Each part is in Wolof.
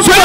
Brasil!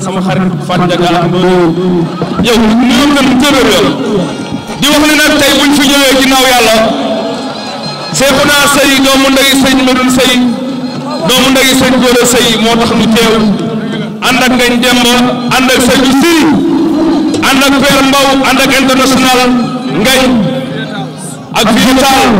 sama xarit Fane Ndiaga ak yow ñoo gën jëloon yow di wax ni nag tey buñ fi ñëwee ginnaaw yàlla Seexuna Sëy doomu ndey sëñ Medoune Sëy doomu ndey sëñ Góora Sëy moo tax ñu teew ànd ak ngañ Demba ànd ak sëñ si ànd ak Père Mbaw ànd ak international ngañ ak Vital.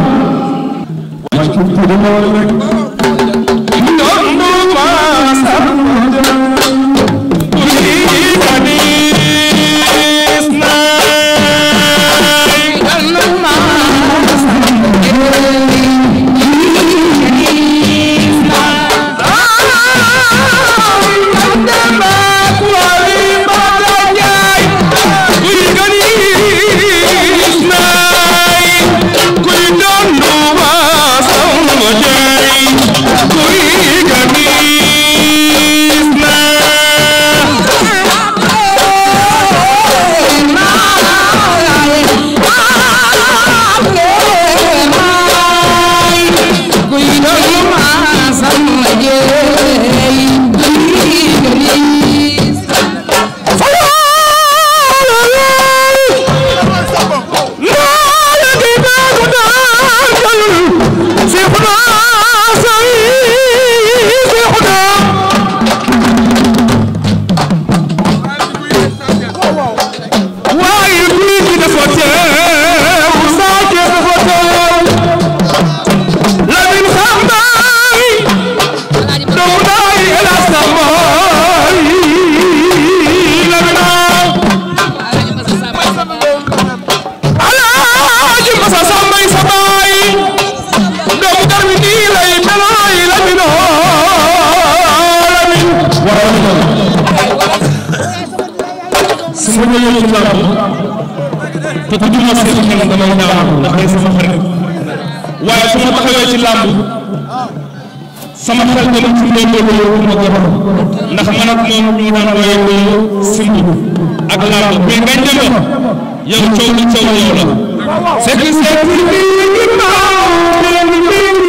waral na su ma ñëwee ci làmb te ku juma seen xel damay ñaaw ndax day sama xarit waaye su ma taxawee ci làmb sama xel dana ci ndéemee loolu ma jox ndax man ak moom ñu daan wooyee ko simbu ak làmb mais ngay demee yow coow li coow yow la c'est que c'est